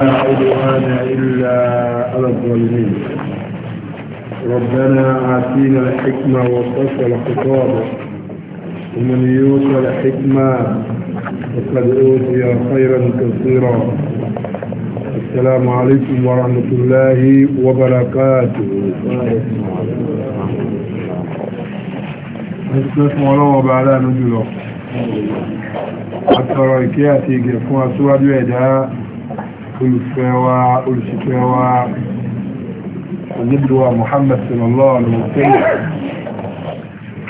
لا إلا على الظالمين ربنا آتينا الحكمة وفصل خطابه ومن يوصى الحكمة وقد أوتي خيرا كثيرا السلام عليكم ورحمة الله وبركاته السلام عليكم ورحمة الله وبعلا نجله أترى كياتي كيفون أسواجه إدعاء olùfẹ́ wa olùṣìṣẹ́ wa òjìdíwà Muhammad sallallahu alaihi wa sallam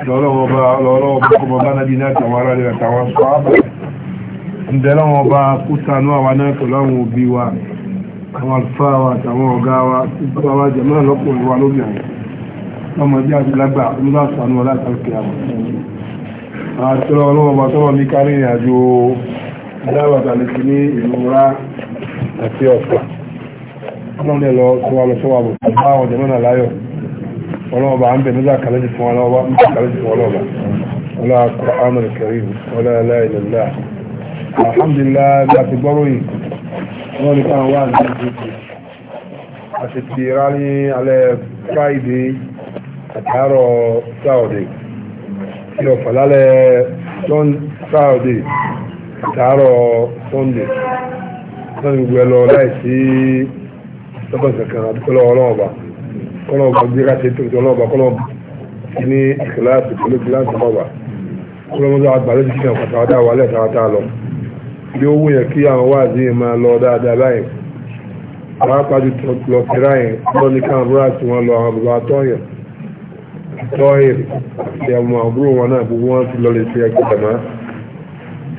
lọ́lọ́wọ́ bá lọ́lọ́wọ́ bá kọmọ bá nábi náà tàwọn ará rẹ̀ tàwọn sọ ábà ìdẹ́lọ́wọ́ bá kú sanú àwọn náà pẹ̀lú àwọn òbí wa àwọn àlùfáà wa àtàwọn ọ̀gá wa ìjọba wa jẹ̀mọ́ lọ́kùnrin wa lóbìnrin ọmọdé àti ọ̀pá ọlọ́run ẹ̀ lọ tó wà lọ sọ́wọ́ àbò bá àwọn ọ̀dẹ̀ náà láyọ̀ ọlọ́ọ̀bà à ń bẹ̀ nígbà kàlẹ́jì fún ọlọ́ọ̀bà ń bẹ̀ kàlẹ́jì fún ọlọ́ọ̀bà ọlá Qur'an al-Karim ọlá la ilaha illallah alhamdulillah láti gbọ́rọ̀ yìí wọ́n ní káwọn wà ní ìdíje àti ti rá ní alẹ́ Friday àtàárọ̀ Saturday tí ọ̀fà lálẹ́ Saturday àtàárọ̀ Sunday lọ́nà gbogbo ẹ lọ láìsí lọ́kọ̀ọ̀sẹ̀ kan àdúgbò lọ́wọ́ ọlọ́ọ̀bà kọ́lọ́ọ̀bà gbé ká ṣe tòkìtì ọlọ́ọ̀bà kọ́lọ́ọ̀bà ní ìkìláàsì pẹ̀lú ìkìláàsì ọlọ́ọ̀bà kọ́lọ́ọ̀bà àgbàlẹ́ ti kàn kàtà wàdà wàlẹ̀ tàwátà lọ bí ó wúyẹ kí àwọn wáàzí máa lọ dáadáa báyìí àwọn apájú lọ kíra yẹn lọ́ni káwọn búrá tí wọ́n lọ àwọn bàbá tọ́yẹ̀ tọ́yẹ̀ àti àwọn àbúrò wọn náà gbogbo wọn ti lọ lè fi ẹgbẹ́ tẹ̀mọ́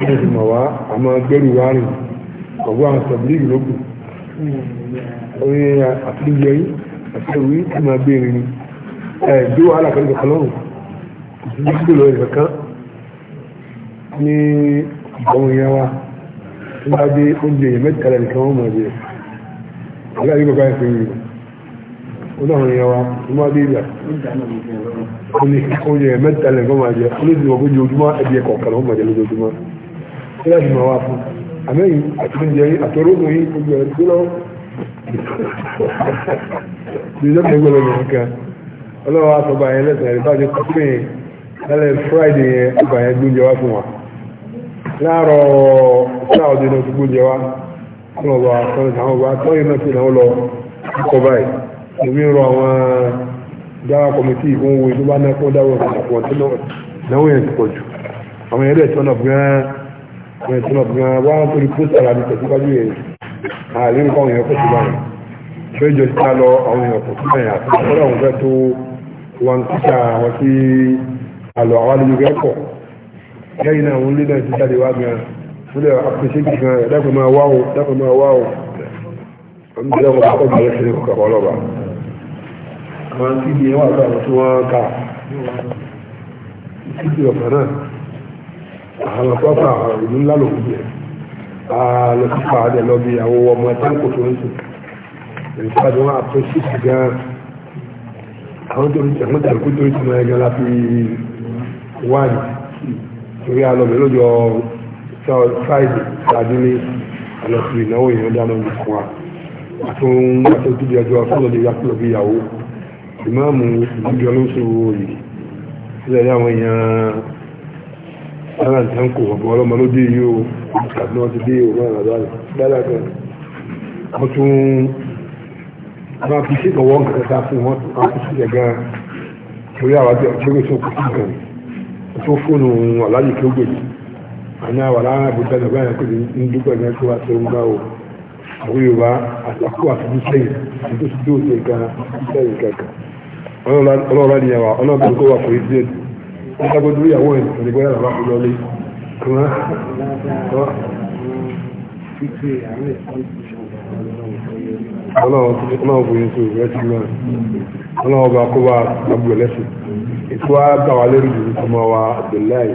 bẹ́ẹ̀ sì mọ̀ wá àmọ́ gbẹ́rù wá rìn ọ̀gbọ́ àwọn sọ̀bìlìgì lókù orí àfihàn yìí àti ìwé tí máa gbé rìn ni ẹ̀ gbé wàhálà kan nìkan lọ́rùn ìdílé gbé lọ ìfẹ́ kan ní ọ̀hún ìyá wa tí wọ́n á dé oúnjẹ yẹn mẹ́ta lẹ́nu kan wọ́n mọ̀ jẹ́ ọ̀gá yìí bàbá ìfẹ́ yìí wọ́n àwọn ìyá wa wọ́n á dé ìgbà oúnjẹ mẹ́ta lẹ́nu wọ́n mọ̀ jẹ́ olóòjì ọgbọ́n ojoojúmọ́ ẹ̀bí ẹ̀kọ̀ọ̀kan wọ́n mọ̀ jẹ́ lójoojúmọ́ kí láti máa wá fún àmẹ́yìn àtúnjẹ àtọ́rọ́gùn yìí gbogbo ẹ̀ tó lọ́wọ́ lọ́wọ́ ọlọ́wọ́ àtọ́gbà yẹn lẹ́sẹ̀ rẹ̀ bá ti lálẹ́ yẹn àgbà yẹn gbóúnjẹ wá fún wa láàárọ̀ náà ti gbóúnjẹ wá fún ọba àwọn ọba náà ti lọ kọ́ báyìí èmi rọ àwọn dáwà kọmitì ìfowó náà kọ́ ẹ̀tún ọ̀gbìn wá ń torí pósítà láti tẹ̀síwájú yẹn ààrẹ nǹkan òyìn ọkọ̀ síbá yẹn péjọ sí ká lọ àwọn èèyàn kò síbẹ̀ yẹn àti ọ̀pọ̀lọpọ̀ àwọn fẹ́ tó wọn kíkà wọn sí àlọ́ àwọn àlejò kẹ́kọ̀ọ́ lẹ́yìn náà wọn lé náà ti jáde wá gan wọn lè apèsè jù gan dákun máa wá o dákun máa wá o àmì ìjọba wọn bá kọ́ bàlẹ́ sílẹ̀ àwọn tí ìdí wà lọ́wọ́ tí wọ́n ká àwọn akọ́fà ìlú ńlá lòun jẹ́ àlọ́sífà àdẹ lọ bí àwọn ọmọ táǹkù tó ń sùn ìfúnpá tí wọ́n àpò sísì gan àwọn tó ń tẹ̀ wọ́n tẹ̀lé kó tó ń tẹ̀ wọ́n gan láti wáyé torí alọ́bẹ̀ lọ́jọ́ friday tàbí ní àlọ́sí ìnáwó èèyàn dáná ní fún wa àtún àtún tó di ọjọ́ fúlọ́dé yàtúlọ̀ bí ìyàwó ìmáàmù ìdíjọ́ ló ń sọ òòyì sílẹ̀ ní àwọn èèyàn ara nǹkan kò ọ̀pọ̀ ọlọ́mọ ló dé yìí o ti dé òun dáadáa wọ́n tún fi ta fún wọn tó kọ́ sí ẹ̀gán torí àwọn àti ọ̀gbẹ́gbẹ́ tó kọ́ sí gan tó fóònù aláàjì tó gbèjì àní àwọn aláàrùn àbújá náà báyìí pé ń dúpọ̀ ní ẹ̀kọ́ àti ohun bá o àwọn Yorùbá àtàkù àtúntò sẹ́yìn àtúntò sí ẹgbẹ́gbẹ́dúró ìyàwó ẹ̀ ẹ̀dẹ̀gbẹ́ yàrá bá kúlọ lé kúrán ọlọ́wọ́ bóyá tó rẹ̀ ti rán ọlọ́wọ́ bá kó bá agbó ẹlẹ́sìn ètò wa bá wa lérò jù ọmọ wa abdullahi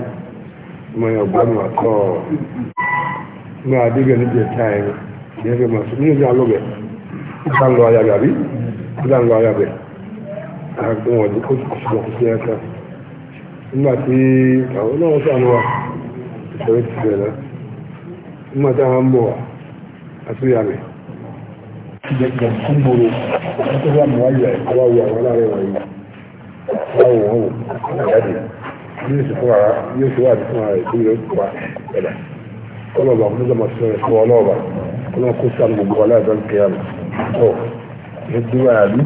ọmọ yẹn ọgbọ́nù àtọ́ ní adébẹ̀ níbi ẹ̀ka ẹ̀ yẹn fẹ́ máa sọ nínú ìjà lọ́bẹ̀ ó ń lọ ayàbẹ̀ àbí ó ń lọ ayàbẹ̀ àwọn ọmọdé ó sí ẹ̀ka nígbà tí àwọn náà sànú wa ìṣòro ti bẹ̀rẹ̀ nígbà tí àwọn ń bọ̀ wá àtúnyà mi. ìjọba ń bọ̀rọ̀ nítorí àmì wáyé àwọn àwọn àwọn aláàrẹ̀ wọ̀nyí wọ́n wọ̀ wọ́n wọ̀ àyáde yóò sì fún ara yóò sì wà ní fún ara ìṣòro yóò pa ẹ̀dá kọlọ́ọ̀bà kó nígbà máa sọ ẹ̀ fún ọlọ́ọ̀bà kọlọ́ọ̀ kó sànù gbogbo aláàbẹ̀ kẹyà mi. ọ̀ ẹ̀ dúró àyàbí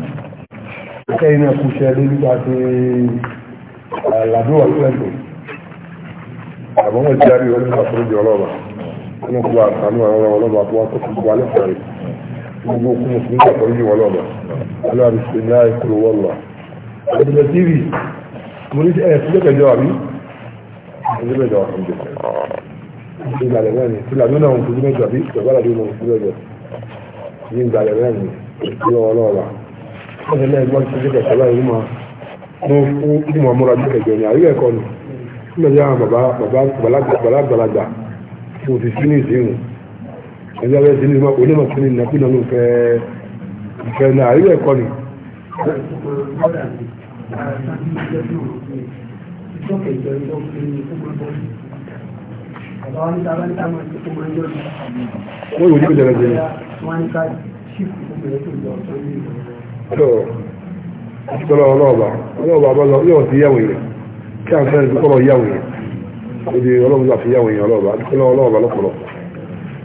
kẹ́yìn náà kú ṣẹ́ lórí bá ti àlàdúwà sílẹ̀kùn àbọ̀mọ̀ jáde wọn nípa fún ìjọ ọlọ́ba wọn kú àtàánú àwọn ọlọ́ba tó wá tó kú wá lẹ́sàrẹ́ gbogbo kú mọ̀ fún ìjọ ìjọ ọlọ́ba aláàbí sí láì kúrò wọ́lọ̀ ọdún tv mo ní ẹ̀ sílẹ̀ kẹjọ àbí sílẹ̀ kẹjọ àbí sílẹ̀ kẹjọ àbí sílẹ̀ kẹjọ àbí sílẹ̀ kẹjọ àbí sílẹ̀ kẹjọ àbí sílẹ̀ kẹjọ ní ìgbàlẹ̀ mẹ́rin ìjọ ọlọ́ba wọ́n ti lẹ́gbọ́n sílẹ̀ kẹjọ àbí wọ́n fún ní wọn múra bí kẹjọ ní àríwá ẹ̀kọ́ ni nígbà tí àwọn bàbá bàbá gbalagbà tí mo ti sí ní ìsìn ẹ̀jẹ̀ abẹ́ sí ní onímọ̀ sí ní ìnákúnà ló fẹ́ ìfẹ́ ní àríwá ẹ̀kọ́ ni. wọ́n yóò ní ìjọba tọ́lọ ọlọ́ọ̀bà ọlọ́ọ̀bà bá lọ yóò ti yàwó yẹn kí a fẹ́ tọ́lọ yàwó yẹn ó di ọlọ́ọ̀bà fi yàwó yẹn ọlọ́ọ̀bà tọ́lọ ọlọ́ọ̀bà lọ́pọ̀lọ́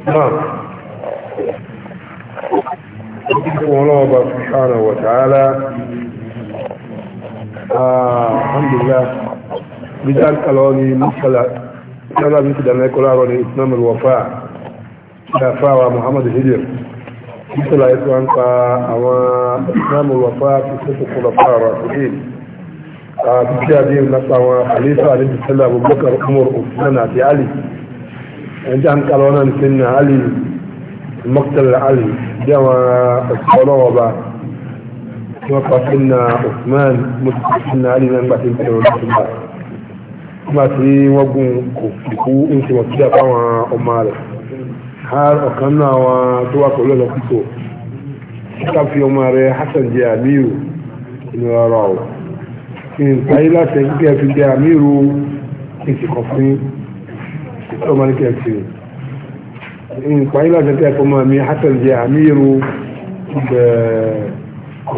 náà fún ọlọ́ọ̀bà sùhánà wọ̀tàálá alhamdulilá bíjá kalọ́ ni mọ́sálà yálà bí ti dànà ẹ̀kọ́ láàrọ̀ ni islam alwafa ṣàfáwà muhammadu hijir nítorí àìsí wọn pa àwọn ìsìlámù wàfá àti sẹ́sùkú lọ́pàá ọ̀rọ̀ àfihàn àti tí a bí i nípa àwọn àlífà àlífà Ali ẹni tí a ń kalọ́ náà ní sinna Ali Maktal Ali bí àwọn ọ̀sọ̀rọ̀ ọba tí wọ́n pa sinna Usman mọ́tò sinna Ali náà nígbà tí ń tẹ̀wọ́ lọ́sùn bá nígbà tí wọ́n gún har ọ̀kan náà wa tó wà pẹ̀lú ọ̀nà kútó ká fi ọmọ rẹ Hassan jẹ àmírù ní ọ̀rọ̀ ọ̀ nǹkan ayé láti ẹ̀kí kẹ́ fi jẹ àmírù ìsìnkọ̀ fún ọmọ ní kẹ́ẹ̀fì nǹkan ayé láti ẹ̀kí ọmọ mi Hassan jẹ àmírù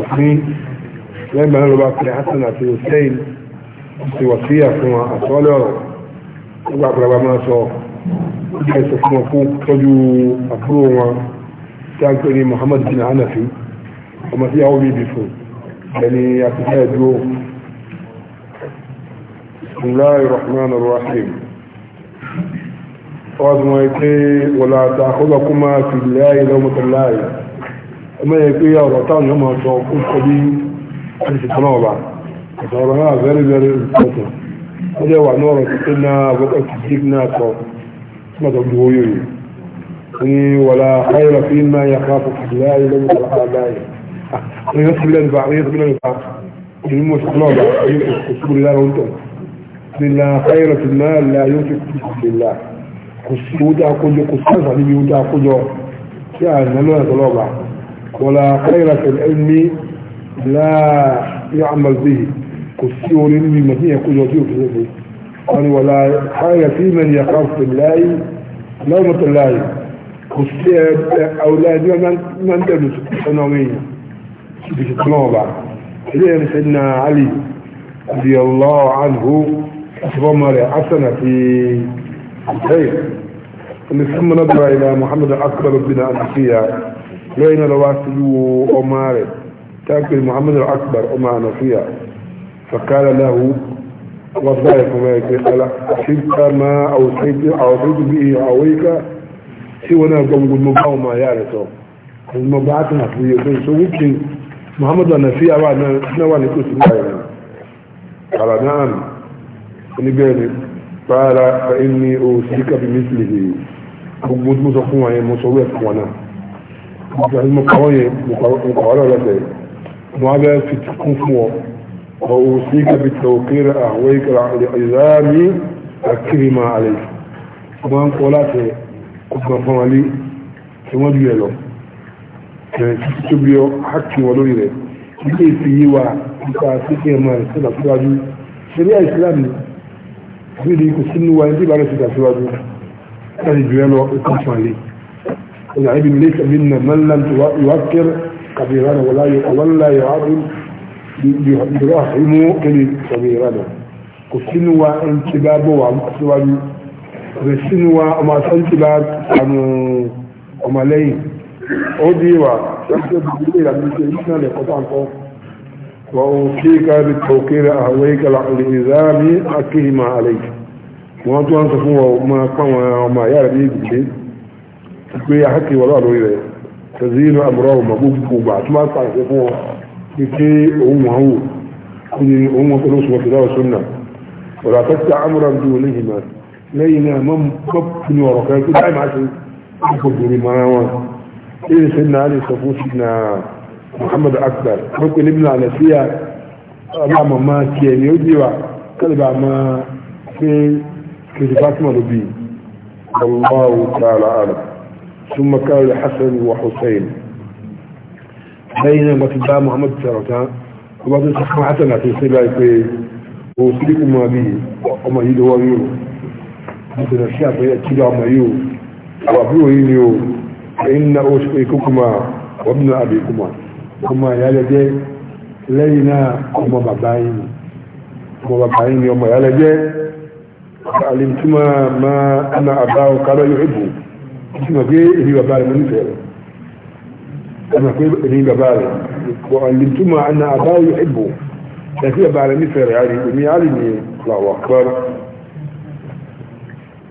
ọ̀fin lẹ́gbẹ̀ẹ́ náà ló bá pẹ̀lú Hassan àti Hussein ti wà sí àfihàn àtọ́lẹ̀ ọ̀rọ̀ nígbà pẹ̀lú àbámọ́ sọ ní ẹsẹ̀ fún wọn fún tọ́jú àbúrò wọn tí a ń pè ní Muhammad bin Hanafi ọmọ tí yàwó bíbí fún ẹni àtúnṣe ẹ̀dúró bismillahir rahmanir rahim wọ́n tún wọ́n pé wọ́lá àtàkọ́lọ́ kó máa fi láàyè lọ́mọ́tò láàyè ọmọ yẹn pé ọ̀rọ̀ táwọn yóò máa sọ fún kọjú àti ìtàn ọba ọ̀rọ̀ náà very very important wọ́n jẹ́ wà ní ọ̀rọ̀ tuntun náà wọ́n kọ̀ sí أحمد الجويري ولا خير فيما يخاف لا يلوم الأعداء الله إلى البعض يصل إلى البعض المش طلاب الله وانتم لا خير في المال لا ينفق في الله قصود أقول قصص عليه يود أقول كان لنا طلاب ولا خير في العلم لا يعمل به قصور علمي ما هي قصور في العلم ولا خير في من يخاف الله لومة الله خصوصية أولادنا ما ندرس سنوية بشتنوبة إليه سيدنا علي رضي الله عنه أصبر حسنة في الخير ثم نظر إلى محمد الأكبر بن أنسية رواسل أماره تأكل محمد الأكبر أمه أنسية فقال له وذلك ما يقول شئت ما أوصيت أوصيت به أويك سوى نقوم بالمباع ما يعرفه المباعات نفسية بس ممكن محمد النفي أبعنا نوان يكون سمعنا قال نعم نبيني قال فإني أوصيك بمثله أقول مصفوعي مصوية فوانا مقاوية مقاوية لك معابا في تكون فوانا وأوصيك بالتوقير أهويك لعظام أكرم عليك كما قولاتي كما فمالي كما جيلو تبيو حكي ولو إليه ilé ìfìyí wa nípa síkè ẹ̀mọ́ rẹ̀ sí ìdàsíwájú ṣẹlẹ̀ islam nídìí kò sínú wa ní ìbára sí ìdàsíwájú láti jù ẹ lọ ikú fàlẹ́ ọ̀nà ibi ilé ìsẹ̀mí nà mọ́lá ìwákẹ́rẹ́ kàbí ìrànà wọlá yọ ọ̀wọ́lá yọ ààrùn lìrọ̀hìmú kìlì sọ̀rọ̀ kò sínú wa ń ti bá bọ̀ wà síwájú kò sínú wa a asán ti bá sànù ọmọlẹ́yìn ó di wa ṣáṣẹ́ ìdílé ìlànà ìṣe ìṣúná lẹ́kọ́ pàǹkọ́ وأوصيك بالتوكيل أهويك لإذام حقهما عليك وأنتوا أنصفوا وما قوى وما يعلم يجب تكوي حقي ولا ألوي ba أمره مبوك بعد ما بكي هم كل هم تلوس وكذا وسنة ولا تتع أمرا دونهما لينا من قبل وركاك لا معشي قبل ما إيه سنة علي صفو سيدنا محمد أكبر ممكن ابن على فيها أمام ما كان يجيوا كلب ما في كذبات ما ربي الله تعالى أعلم ثم كان الحسن وحسين lẹ́yìn náà bàtí bá muhammad sàrọ̀tá ó bá tó sọ fún hasan àti ìṣẹ́lá pé o sílíkù máa bí ọmọ yìí lọ́wọ́ yìí o mo tẹ̀lé sí àpẹẹrẹ tí ọmọ yìí o àwọn àbúrò yìí ni o ẹ̀yìn náà ó ṣe kókó máa wọ́n bí náà àbí kó máa ọmọ ìyálẹ̀ jẹ́ lẹ́yìn náà ọmọ bàbá yìí ni ọmọ bàbá yìí ni ọmọ ìyálẹ̀ jẹ́ àlìmtúmọ̀ máa ana àbá ọ̀kadà yóò hìbò أنا في لي بالي وعلمتما أن أباي يحبه لكن أبا بعد مثل يعني أمي علمي الله أكبر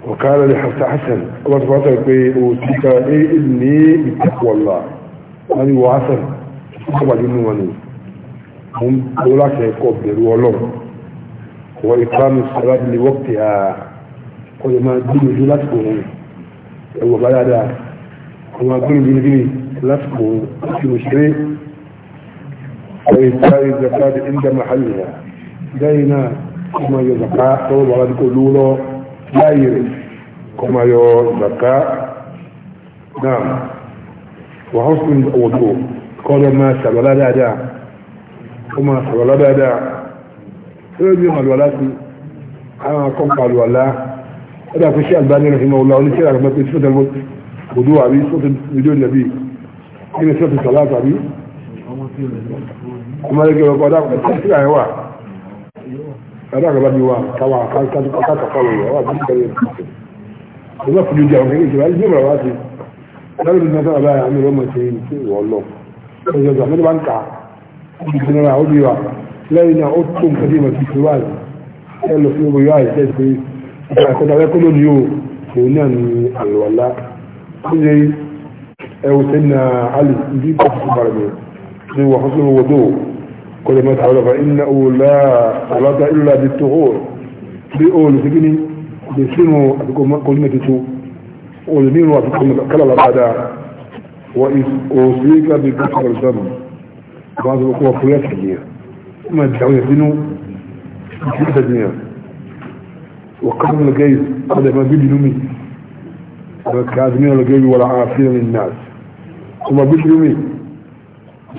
وقال لي حفظ حسن الله سبحانه يقول وتعالى إيه إني بتقوى الله أني وحسن طبعا إنه أنا هم أولاك يقوم يقبل ولهم وإقام الصلاة لوقتها قل ما الدين هو وبلا دا وما الدين جلسكم لفظه اسم شيء الزكاة عند محلها دينا كما يزكاة طول ولا تقولوا له داير كما يزكاة نعم وحسن الوضوء قال ما سبلا دا دا كما سبلا دا دا فيجمع الولاة أنا آه، قمع الولاة هذا في شيء الباني رحمه الله ولكن أنا ما كنت فتح الوضوء النبي kí ni sọ́tù sọ́lá tàbí ọmọdéke ọkọ̀ ọdáàkọ̀ tí àyẹ̀ wà ọdáàkọ̀ bá mi wà káwà kákàkọ̀ wọ̀ wà bí kẹ́lẹ̀ ọjọ́ fúnjú jẹun kékeré ìjọba ìjọba o òun náà ni أو سيدنا علي يجيب قصص البرمية هو حسن الوضوء كل ما تعالى فإنه لا صلاة إلا بالطهور بيقول سجني بسنو أتكم كلمة تسو والمين وأتكم كلا بعد وأوصيك بكسر الذنب بعض الأخوة فلات الدنيا ما تدعون يسنو فلات الدنيا وقبل الجيز هذا ما بيدي نمي فكاذمين الجيز ولا عافية للناس kuma bijirmi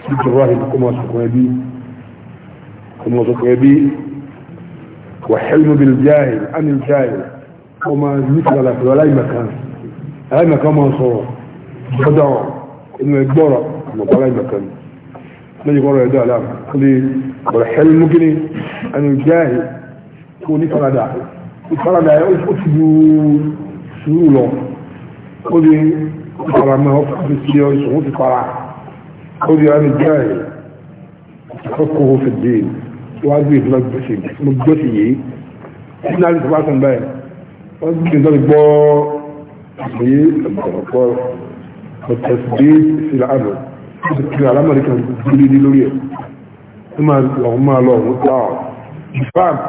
su jirwahi kuma su kwabi kuma su kwabi wa hilmu bil jahil anil jahil kuma zuwa la fi wala makan ay makan ma so badaw inu igboro ma wala makan ni goro ya dala kuli wal hilmu gini anil jahil ko ni farada farada ya o su su lo ko di fara mọ́ fi sí ọ ìṣòwò ti fara ó rí ara jẹ́ ẹ̀ àkọ́kọ́ ó fi dé wájú ìdúrà gbèsè yìí tí náà ti bá sàn báyìí wọ́n ti gbé gbọ́ àgbéyé ọ̀pọ̀ ọ̀tẹ̀sídé ìsìlẹ̀ àmọ́ ó ti kiri alámọ̀rí lọ ó máa lọ ìfáàmù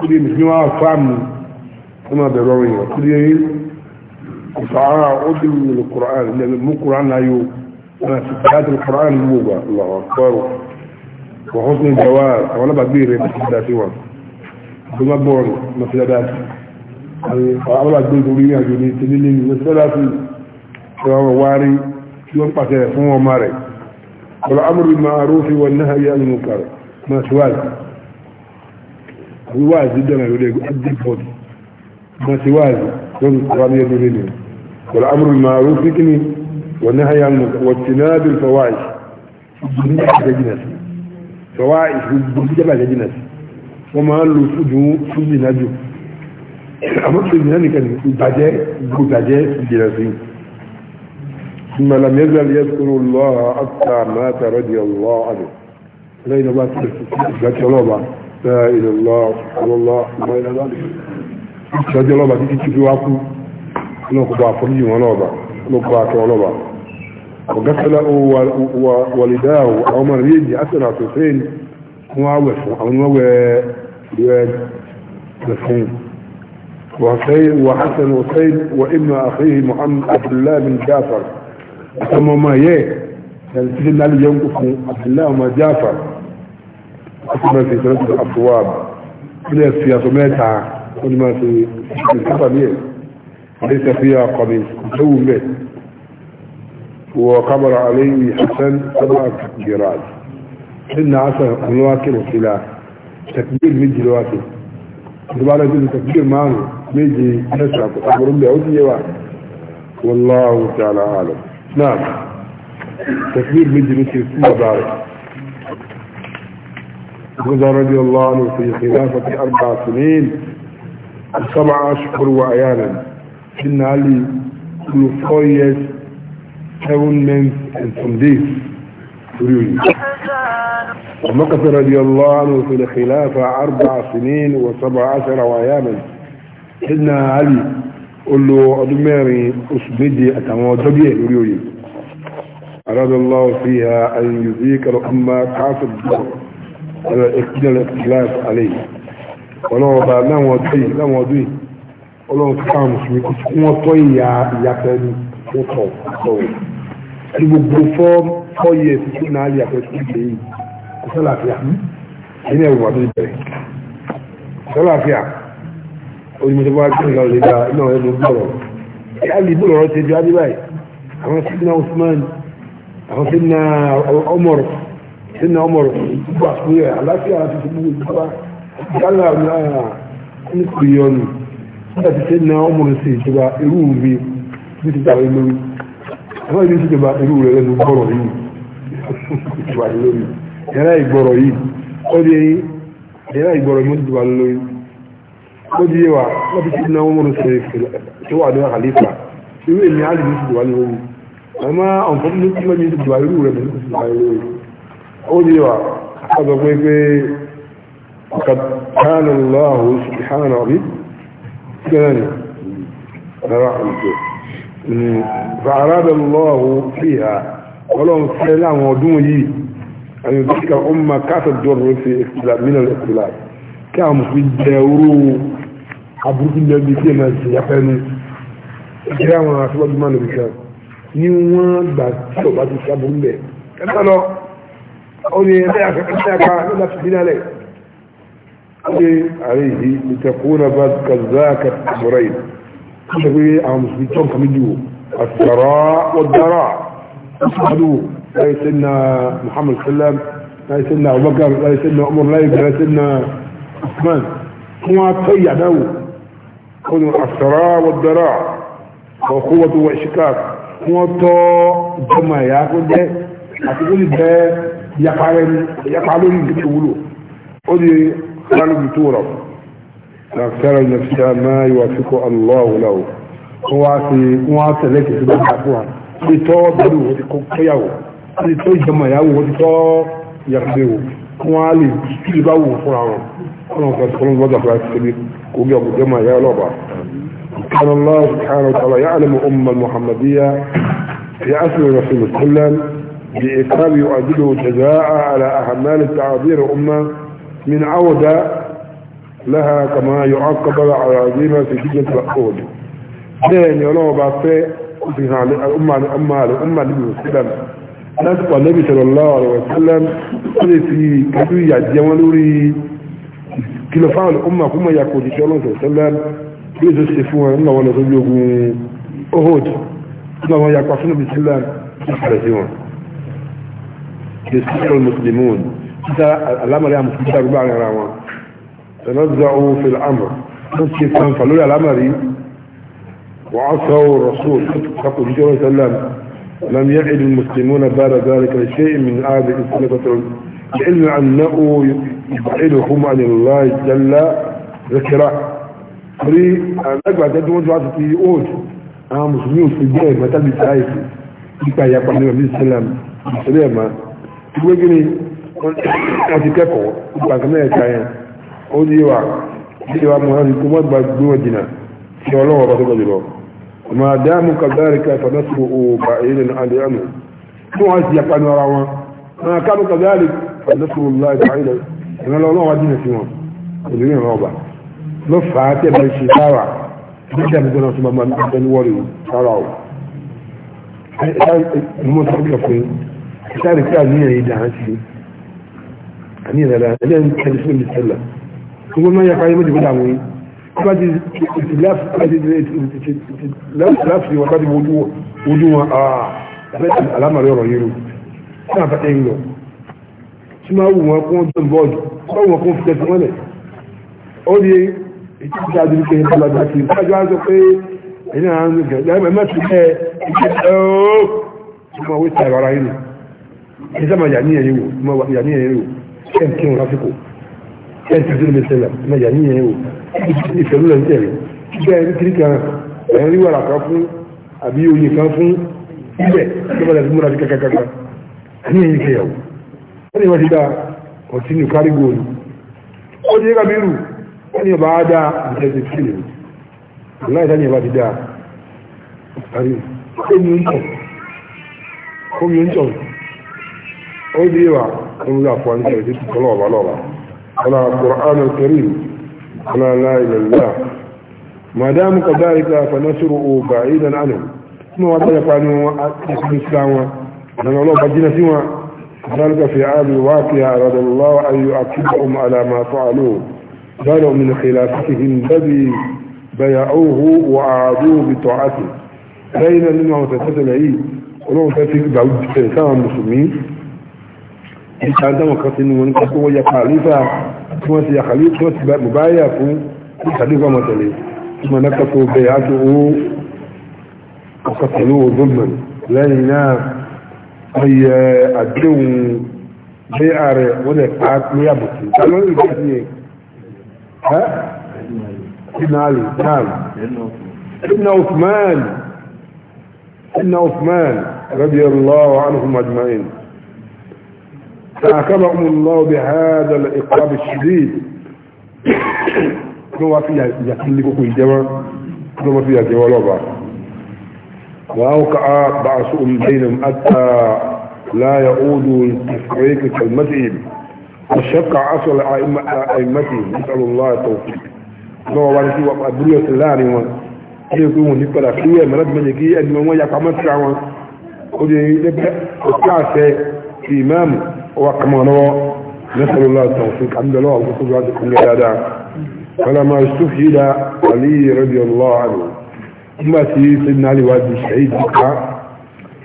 ó ní wọ́n fáàmù ó máa bẹ̀rẹ̀ ọ̀rọ̀ فعلا أدعو من القرآن لأن مو قرآن لا يو أنا في هذا القرآن موبا الله أكبر وحسن الجوار وأنا بكبير بسيداتي وان ثم بون مسيداتي أولا أدعو دوليني أجوني تليني مسيداتي سواء واري يوم قتل فهو ماري والأمر بالمعروف والنهي عن المنكر ما سوال الواجب ده ما يقول لك أدي ما سوال كن حرام يدلني والأمر المعروف بكني والنهي عن واجتناب الفواحش فواحش بالجبع جنس وما له سجو سجو نجو أما سجو نجو بجاء بجاء سجو نجو ثم لم يزل يذكر الله حتى مات رضي الله عنه لا إله إلا الله لا إله إلا الله سبحان الله وما إلى ذلك ìtọ́jọ́ lọ́ba títí tí fi wá kú lọ́kọ̀ọ́bà àfọ́njì wọn lọ́ba lọ́kọ̀ọ́bà àtọ́ lọ́ba ọ̀gásẹ́lá wàlìdáàwò àwọn ọmọ rẹ̀ yìí àtẹ̀rà àtòfẹ́yìn وحسن وسيد وإما أخيه محمد عبد الله بن جعفر أما ما يه يعني سيدنا علي عبد الله وما جعفر أتمنى في ثلاثة في سياسة كل ما في الحطمية ليس فيها قميص جو به وقبر عليه حسن سبع تكبيرات إن عسى الواكب وسلاح تكبير مجي الواكب دبارة جل تكبير معه مجي نسعك أمر بعودية واحد والله تعالى أعلم نعم تكبير مجي مثل كل بارك رضي الله عنه في خلافة أربع سنين سبع أشهر وعيالا سيدنا علي كل four years seven months and some days تريوني ومكث رضي الله عنه في الخلافة أربع سنين وسبع عشر وأياما سيدنا علي قل له أدميري أسبدي أتمودبي يريوني أراد الله فيها أن يذيك لأما كافر الدور على الاختلاف عليه ọlọ́run ọba láwọn ọdún yìí láwọn ọdún yìí ọlọ́run tó káwọn mùsùlùmí kò fún wọn tọ́ ìyá ìyàtọ̀ ẹni tó tọ̀ sọ̀rọ̀ ẹni gbogbo fọ́ fọ́ yẹ tuntun náà lè àpẹ tó lè yìí kò sọ́lá àfíà ẹni ẹ̀rù wà tó bẹ̀rẹ̀ sọ́lá àfíà onímọ̀tò bá tó nǹkan lè gba iná ẹnu gbọ́rọ̀ ẹ̀ á lè bọ̀ lọ́rọ́ tẹ́jú á níbàyì àwọn sínú Usman àwọn sínú Umar sínú ìgbàlá àwọn ará ní kìrìyọ́nù nígbà tí sẹ́ni na ọmọ rẹ̀ sí ìjọba irú mi ní ti tàbí lórí àwọn ìlú ìjọba irú rẹ̀ lẹ́nu gbọ́rọ̀ yìí ìjọba lórí yàrá yìí ó di yàrá yìí ti lórí ó di ti ọmọ wà ní àlífà irú èmi lórí سبحان الله سبحان ربي كذلك فأراد الله فيها ولهم فعلا ودوه أن يدرك أمة كافة دور في اختلاف من الاختلاف كام في الدورو أبروك الذي كما سيحن إجرام ونعطب الجمال بك نيوان باتيو باتيو سابون به كما لو أولي يبيعك أنت كما لا تبين عليه عليه لتكون بعد كذاك الأمرين تقول عن سبيتون كمديو الثراء والدراء أصحدوا لا يسلنا محمد صلى الله عليه وسلم لا يسلنا أبو بكر لا يسلنا عمر لا يسلنا أثمان هو تطيع دو كون الثراء والدراء وقوة وإشكاك هو طو جمع ياكل ده هتقول ده يفعلون يفعلون كتقولوا قولي كانوا بتورب فكان النفس ما يوافق الله له هو في مواسع لك في الحقوها لتو بلو ودكو قياو لتو جمعيو ودكو يخبيو كوالي بستيباو فراو كنو فاسقلون وضعك على السبيل كوغيو جمعيو لبا كان الله سبحانه وتعالى يعلم أمة المحمدية في أسر رسول الله بإقراب يؤدده جزاء على أهمال التعابير أمة من عودة لها كما يعقب على عزيمة في جنة الأقود لأن يولو بعثي أمها لأمها لأمها لأمها لأمها وسلم النبي صلى الله عليه وسلم قال في كدو يجيوان لوري كلفاء الأمة كما يقول صلى الله عليه وسلم بيزو السفوة إلا ولا تبلغوا أهود إلا ولا يقول صلى الله عليه وسلم يسكر المسلمون الامر يا مسكتا ربعنا روان تنزعوا في الامر نسي تنفلوا يا الامر وعصوا الرسول صلى الله عليه وسلم لم يعد المسلمون بعد ذلك شيء من هذه السلفة الا انه يبعدهم عن الله جل ذكرى ري انا قاعد ادور دوات في اوج انا مسلم في جاي متى بتعيش يا قبل النبي صلى الله عليه وسلم تقول لي láti kẹ́kọ̀ọ́ gbogbo àkàmẹ́ ẹ̀ka yẹn ó ní wa bí wa mọ̀ láti kó má gba gbé wọn jìnnà sí ọlọ́wọ́ ọba tó gbọ́ jùlọ ọmọ adáàmú kàdáàrí ká ìfọdá sí òòbà èyí ní adé àmì bí wọ́n ti yapa ní ara wọn ọmọ akáàmú kàdáàrí ìfọdá sí òòlá ìfà ilẹ̀ ìran lọ ọlọ́wọ́ jìnnà sí wọn òní ní ọ̀rọ̀ ọba ló fà á tẹ̀ bẹ́ẹ̀ ṣe sára bí ṣe àmì gbọ́dọ̀ súnmọ́ máa ń bẹ́ ní wọ́ọ̀lì sára o mo sọ bí ọ̀pẹ ìṣàrìkí àníyàn yìí dà á sí i àní ìrẹ̀lẹ̀ ẹ̀lẹ́ ń tẹ́lẹ̀ fún ìṣẹ̀lẹ̀ gbogbo náà yàkà ayémọ́jì fún àwọn yìí bá ti láti wọn bá ti ojú wọn ààrẹ alámàrí ọ̀rọ̀ yìí rú fún àfẹ́tẹ́ ń lọ tí máa wù wọn kún jọ bọ́ọ̀dù kọ́ wọn kún fẹ́ fún ẹlẹ̀ ó di ìtí ìjà àdúrú kẹyìn bá lọ́dọ̀ àti ìdájọ́ á sọ pé ẹ̀yìn àwọn ọmọ ìgbà lẹ́yìn mẹ́mẹ́ tún ẹ̀ ìṣẹ́ ọ̀ọ́ ọmọ wíṣà ìrọ̀ra yìí nù ìṣẹ́ mọ̀ yà ní ẹ̀yìn wò ẹn kí wọn lásìkò ẹn tí dúró mi ṣẹlẹ̀ ẹn yà ní yẹn o ìfẹ̀lú rẹ̀ ń tẹ̀lé ṣíṣe ẹni kiri kan ẹ̀yìn rí wàrà kan fún àbí oyè kan fún ilẹ̀ tó bá dàbí múra sí kankankan ní ẹ̀yìn kẹyàwó wọ́n ní wọ́n ti dá ọtí ní kárí góòlù ó ti yẹ́ka bírù wọ́n ní ọba á dá ìtẹ́sí fílì aláìsá ní ọba ti dá àrí ó mi عودي وا كم لا فوان كذي تقلوا ولا لا القرآن الكريم على لا إله إلا الله ما دام كذلك فنشره بعيدا عنه ما وضع يفعلوا الإسلام أنا الله بجنا سوى ذلك في عام الواقع أراد الله أن يؤكدهم على ما فعلوه بلوا من خلافتهم الذي بيعوه وأعادوه بطاعته بين لما تتسلعي ولو تتسلعي بعد كان مسلمين ìtàdánwò kan sínú wọn nípa tó wọ́n ya kàlífà tí wọ́n ti ya kàlífà tí wọ́n ti báyà fún kàlífà mọ̀tẹ̀lé tí wọ́n náà kàtó bẹ̀rẹ̀ àti owó ọ̀kàtàlú òdòmọ̀n lẹ́yìn náà ọyẹ àdéhùn bí ààrẹ wọ́n lè pa ní àbùkù tálọ́ ìgbà sí yẹn ẹ́ ìnáàlì náàlì ìnà Uthman ìnà Uthman radiyallahu anhum ajma'in فأكبهم الله بهذا الإقراب الشديد لو في يكلكوا الجماعة لو في يكلكوا لبا وأوقع بعثهم بينهم حتى لا يعودوا لتفريق كلمتهم والشك أصل أئمتهم نسأل الله التوفيق لو بارك وأبدو سلاني وأن يكون نقرأ فيه مرد من يكي أن يكون يكامت كعوان قد يبقى الكعسة إمامه وكما نسأل الله التوفيق عبد الله وصول هذه العيادة فلما استفيد علي رضي الله عنه ثم سيدنا علي وادي شهيد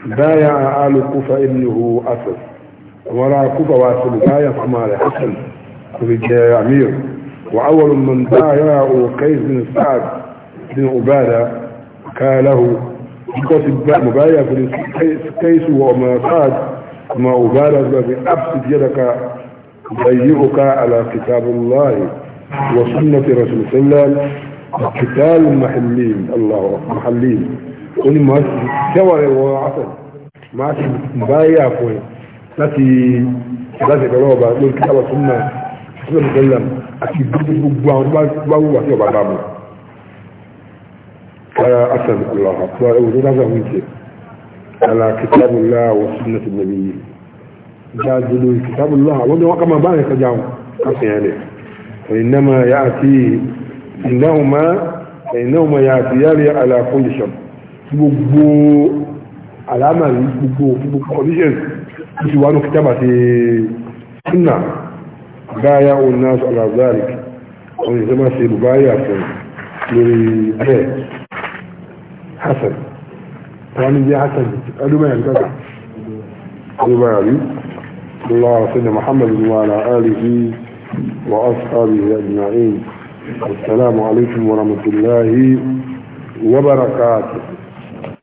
بايع آل كوفة ابنه أسد وراء كوفة وأسد بايع فمال حسن وبجاء أمير وأول من بايع قيس بن سعد بن عبادة قال له قصد مبايع في قيس وما سعد ما أبالغ بأبسط يدك أضيئك على كتاب الله وسنة رسول صلى الله عليه وسلم قتال المحلين الله محلين قل ما شوى وعسل ما بايع فوي التي láti ẹ̀rọ ọba lórí kíkà wọ́n súnmọ́ ìṣẹ́lẹ̀ ìṣẹ́lẹ̀ àti gbogbo àwọn bá wù àti ọba bá mu. Kára Asan Allah, àwọn ẹ̀wọ̀n tó dáhùn àwọn ìṣẹ̀lẹ̀. على كتاب الله وسنة النبي جادلوا كتاب الله وده وقما بارك جاو يعني وإنما يأتي إنهما إنهما يأتيان على كل شر gbogbo alama yìí gbogbo gbogbo conditions ó ti wà ní kìtàbà ti súnà báyá òun náà sọ alazaric àwọn ìjọba ṣe bùbáyà fún lórí bẹ́ẹ̀ hassan ثاني جاء حسن سيدنا محمد وعلى آله وأصحابه أجمعين السلام عليكم ورحمة الله وبركاته